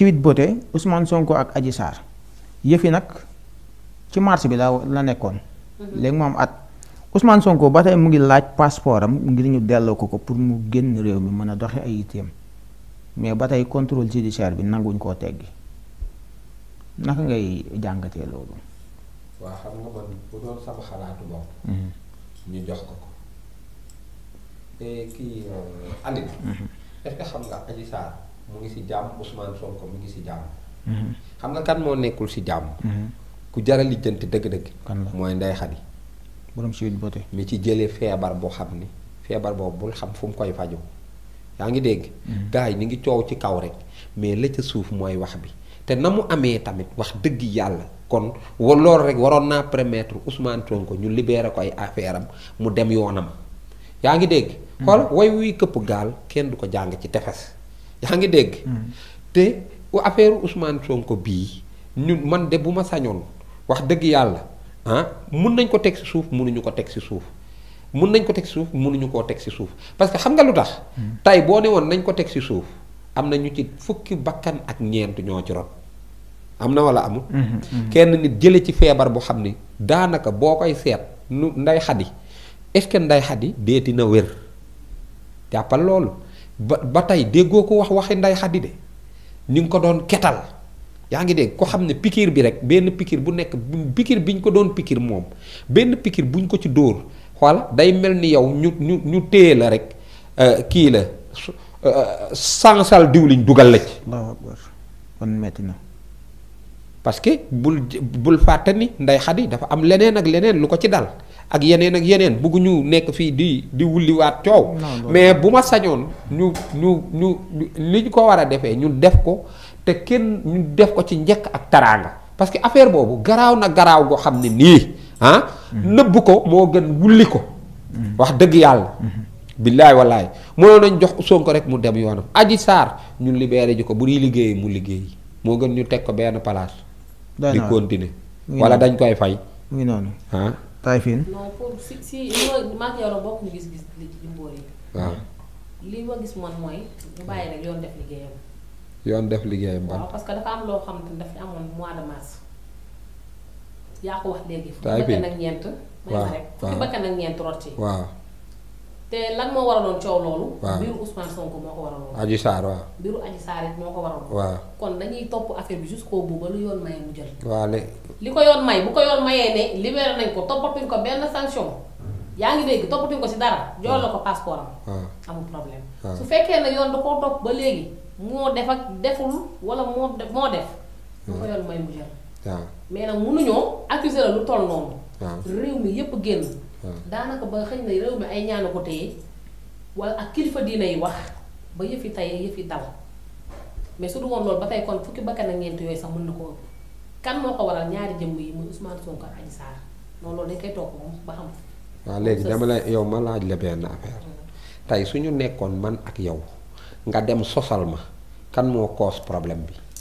Sweet Beauté Ousmane Sonko ak aji Sarr yëfi nag ci marché bi la la nekkoon. Mhm. léegi mu at Ousmane Sonko ba tey mu ngi laaj passeport am ngir ñu delloo ko ko pour mu génn réew mi mën a doxe ay yitteem mais ba tey contrôle judiciaire bi nanguñ koo teggi naka ngay jàngatee loolu. waaw xam nga man bu mhm. jox ko ko. mu ngi si jàmm Ousmane Sonko mu ngi si jàmm. Mhm. xam nga kan moo nekkul si jàmm. Mhm. ku jar a lijjanti dëgg-dëgg. mooy Ndeye Khady. borom ci jëlee feebar boo xam ni feebar boobu bul xam fu mu koy fajoo yaa ngi dégg. Mhm. gars yi ñu ngi coow ci kaw rek mais la ca suuf mooy wax bi te na mu amee tamit wax dëgg yàlla kon loolu rek waroon naa permettre Ousmane Sonko ñu libéré ko ay affaire am mu dem yoonam yaa ngi dégg. xool way wuy këpp gaal kenn du ko jàng ci tefes. yaa ngi dégg. Mm. te affaire Ousmane Sonko bii ñun man de bu ma sañoon wax dëgg yàlla ah mun nañ ko teg si suuf munuñu ko teg ci suuf. mun nañ ko teg ci suuf munuñu koo teg ci suuf parce que xam nga lu tax. Mm. tey boo ne woon nañ ko teg ci suuf am na ñu ci fukki bakkan ak ñeent ñoo ci rot. am na wala amul. Mm-hmm, mm-hmm. kenn nit jële ci feebar bu xam ni daanaka boo koy seet nu nday xadi est-ce que nday na wér jàppal loolu. ba ba tey déggoo ko wax waxi nday xaddi de ni nga ko doon ketal yaa ngi dégg ko xam ne pikiir bi rek benn pikiir bu nekk pikiir bi ñu ko doon pikiir moom benn pikiir bu ñu ko ci dóor voilà day mel ni yow ñu ñu ñu téye la rek euh, kii la euh, sansal diwliñ dugal la ci. kon na. parce que bul bul fàtte ni nday xaddi dafa am leneen ak leneen lu ko ci dal. ak yeneen ak yeneen bëgguñu nekk fii di di wulliwaat coow. mais bu ma sañoon ñu ñu ñu li ñu ko war a defee ñu def ko te kenn ñu def ko ci njëkk ak taraanga parce que affaire boobu garaaw na garaaw goo xam ne nii ah. Mm-hmm. nëbb ko moo gën wulli ko. Mm-hmm. wax dëgg yàlla. Mm-hmm. billaay wallaay moo nañ jox sonk rek mu dem yoonam aji Sarr ñu libéré ji ko bu di liggéeyee mu liggéey moo gën ñu teg ko benn place. di continuer wala dañ koy fay. muy noonu ah. Taïfine. non si si ma ak yow bokk ñu gis-gis li ci yi. waaw ah. li ma gis man mooy bu bàyyi rek yoon def liggéeyam. yoon def liggéeyam waaw parce que dafa am loo xam te dafa amoon mois de mars. yaa ko wax léegi. Taïfine fukki ñeent. may ma rek fukki bakkan ak ñeent rot ci. waaw. te lan moo waraloon coow loolu. waaw mbiru Ousmane Sonko moo ko waraloon. Adji Sarr waaw. mbiru Adji Sarr it moo ko waraloon. waaw kon dañuy topp affaire bi jusqu'au bout ba lu yoon maye mu jël. waaw léegi. li ko yoon may bu ko yoon mayee ne libéré nañ ko toppatuñ ko benn sanction yaa ngi léegi toppatuñ ko si dara. jox ko passeport am. su fekkee ne yoon da topp ba léegi moo def ak deful wala moo def moo def. bu ko yoon may mu jël. waaw mais nag mënuñoo accuser la lu toll noonu. réew mi yépp génn. daanaka ba xëñ na réew mi ay ñaanu ko téye wala ak kilifa diina yi wax ba yëf yi tey yëf yi mais su du loolu ba tey kon fukki bakkan ak ñeent yooyu sax mën na ko kan moo ko waral ñaari jëmm yi muy Ousmane Sonko ak Adji Sarr noonu loolu dañ koy ba xam. waaw léegi dama la yow ma laaj la benn affaire tey su ñu nekkoon man ak yow nga dem sosal ma kan moo cause problème bi.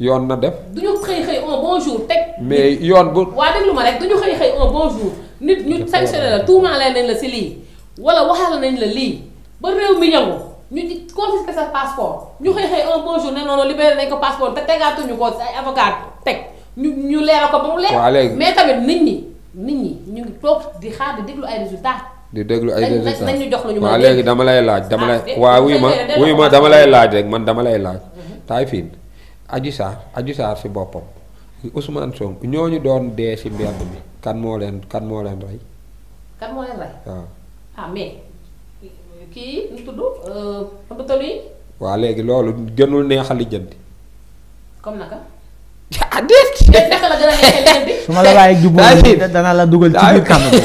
yoon na def. du ñu xëy xëy un bon jour teg. mais yoon bu. waa déglu ma rek du ñu xëy xëy un bon jour. nit ñu sanctionné la tuumaale nañ la si lii. wala waxal nañ la lii ba réew mi ñëw ñu di confisqué sa passeport ñu xëy xëy un te tegaatuñu ko ay avocat ñu ñu nit ñi ñu ngi toog di xaar di déglu ay résultats. di déglu ay résultats nañ jox la ñu léegi dama lay laaj. dama ah, lay waaw wuyu ma wuyu ma dama lay laaj rek man dama lay laaj. Mhm. Taïfine Adji Sarr Adji Sarr si boppam Ousmane Sonko ñooñu doon dee si mbedd bi kan moo leen kan moo leen rey. kan ah, euh, léegi loolu gënul neex a lijjanti. comme naka. Ah, la gën a neexee lijjanti. la dugal ci biir kàmm bi.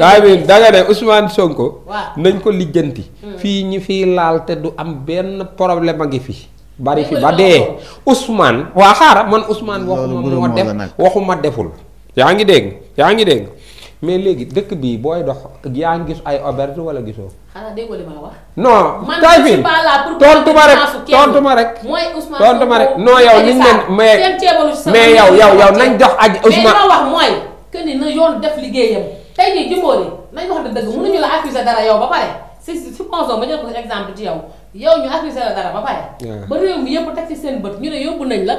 waaye danga ne Ousmane Sonko. nañ ko lijjanti. Hmm. fii ñi fi laal te du am benn problème a ngi fi. bari fi ba dee Ousmane waa xaaral man Ousmane waxuma moo def waxuma deful yaa ngi dégg yaa ngi dégg mais léegi dëkk bii booy dox yaa ngi gis ay auberge wala gisoo. xanaa déggoo li ma la wax. non kay fi tontu ma rek tontu ma rek. mooy Ousmane tontu ma rek non yow niñ mais mais yow yow yow nañ dox ak Ousmane. mais li ma wax mooy que ni na yoon def wax dëgg mënuñu la accuser dara yow ba pare si supposons ma jël ko exemple ci yow. yow ñu accusé la seen bët ñu ne yóbbu nañ la.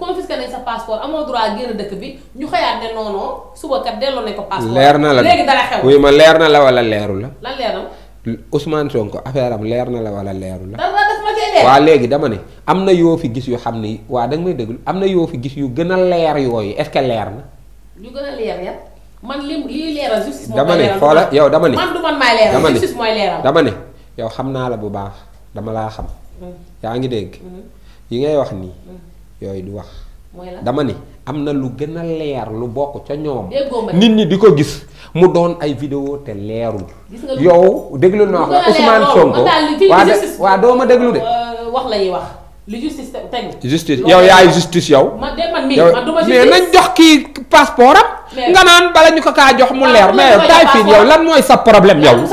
confisqué nañ sa passeport amoo droit génn dëkk bi ñu xëyaat ne non non delloo nañ ko passeport. leer na la léegi leer na la wala leeru la. lan leer na. am leer na la wala leeru la. waa léegi dama am na yoo fi gis yu xam ni waa da nga déglu am na yoo fi gis yu gën a leer yooyu est-ce que leer man li leeral justice. moo koy leeral dama ne xoola yow dama ne. man du man maay leeral justice mooy leeral dama ne yow xam naa la bu baax dama laa xam. Mm-hmm. yaa ngi dégg. Mm-hmm. yi ngay wax nii. Mm-hmm. yooyu du wax. dama ni am na lu gën a leer lu bokk ca ñoom. nit ñi di ko gis mu doon ay vidéo te leerul. yow déglu naa ko Ousmane Sonko. waa de waa doo ma déglu de. Euh, wax la ñuy wax. lu justice tegu. justice yow yaay justice yow. man de man nañ jox kii passeport am. nga naan bala ñu ko kaa jox mu leer. mais yow taay fii yow lan mooy sa problème yow.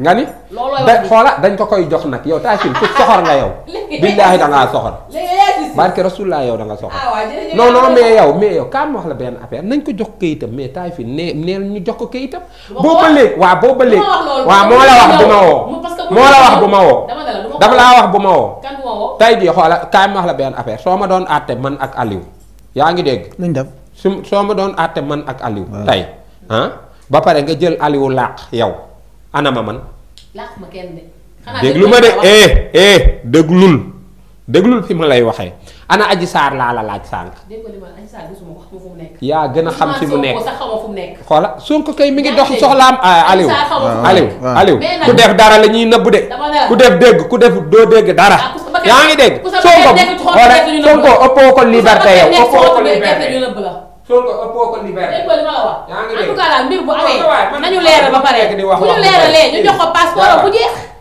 nga ni da xoola dañ ko koy jox nag yow Tacine ku soxor nga yow. billaahi da ngaa soxor. barke rasulullah yow da nga soxor. Ah, non non mais yow mais yow kaam wax la benn affaire nañ ko jox kayitam mais Tacine nee nee ñu jox ko kayitam. boo ba léegi boo ba léegi. waaw moo ma woo. wax bu ma woo. wax bu ma woo. tay jii xoola wax la benn affaire soo ma doon àtte man ak Aliou. yaa ngi dégg. nañ dem su soo ma doon àtte man ak Aliou. tay ah? ba pare nga jël Aliou làq yow anama man. làqu ma kenn de. xanaa déglu ma de eh eh fi ma lay waxee ana aji saar laa la laaj sànq. yaa gën a xam ci mu nekk xoola sunk kay mi ngi dox soxlaam. Ah, Aliou Aliou Aliou ku def dara la ñuy nëbb de. ku def dégg ku def doo dégg dara. Ah, yaa ngi dégg Sonko xoola Sonko ëppoo ko liberté yow ëppoo ko liberté. Sonko ëppoo ko liberté. dégg nga wax en tout cas daal mbir bu amee. nañu leeral ba pare bu ñu leeralee ñu jox ko passeport bu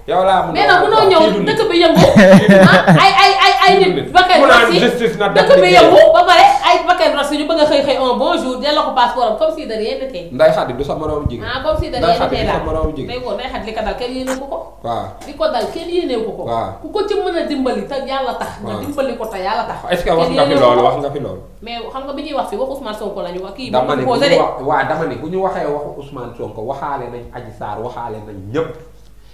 yow laa mun a munoo ñëw dëkk bi yëngu ah, ay ay ay ay nit bakkan rossi dëkk bi yëngu ba pare ay bakkan bëgg a xëy xëy un bon jour delloo ko passeport comme si de rien n'était nday xadi du sa moroom jigéen ah comme si de rien n'était la day woo nday xadi li ko dal ko ko waaw ko dal kenn yéene ko ko ku ko ci mën a dimbali te yàlla tax nga dimbali ko te yàlla tax est-ce wax nga fi lool mais xam nga bi ñuy wax fi waxu Ousmane Sonko lañu wax kii dama ne waaw dama ne bu ñu waxee waxu Ousmane Sonko waxaale nañ Adji Sarr waxaale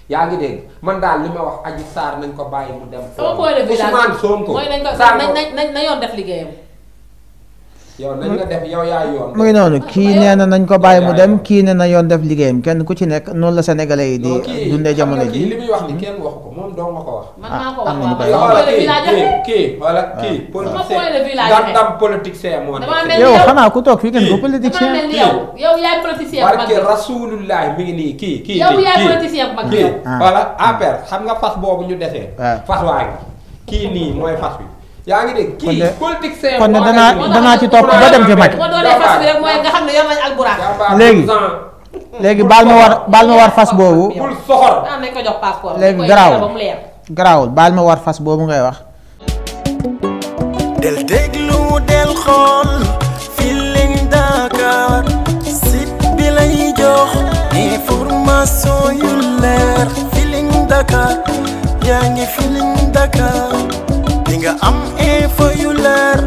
yaa ngi dégg man daal lu ma wax Adji saar nañ ko bàyyi mu dem. foofu Ousmane Sonko mooy nañ ko nañ na yoon def liggéeyam. yow dañ la def yow yaa yoon. muy noonu kii nee na nañ ko bàyyi mu dem kii ne na yoon def liggéeyam kenn ku ci nekk noonu la sénégalais yi di. dundee jamono ji li muy wax ni hmm? kenn ko moom dong ko ah, wax. am na ñu koy wala kii ah. politicien moo nekk yow xanaa ku toog fii kenn ko politicien. yow yow yaay politicien mi ngi nii kii kii yow yaay politicien bu mag bi. Ah. voilà affaire xam nga fas boobu ñu defee. fas waa ngi kii nii mooy fas bi yaa ngi dégg kon ne danaa danaa ci topp ba dem ci Macky. nga xam ne yor nañu alburax. léegi léegi baal ma war baal ma war fas boobu. bul soxor ah, nañ ko léegi garaawul garaawul baal ma war fas boobu ngay wax. del déglu del xool Feeling Dakar site bi lay jox information yu leer Feeling Dakar. dinga am info yu leer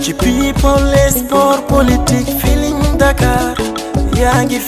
ci people et sport politique Feeling Dakar yaa ngi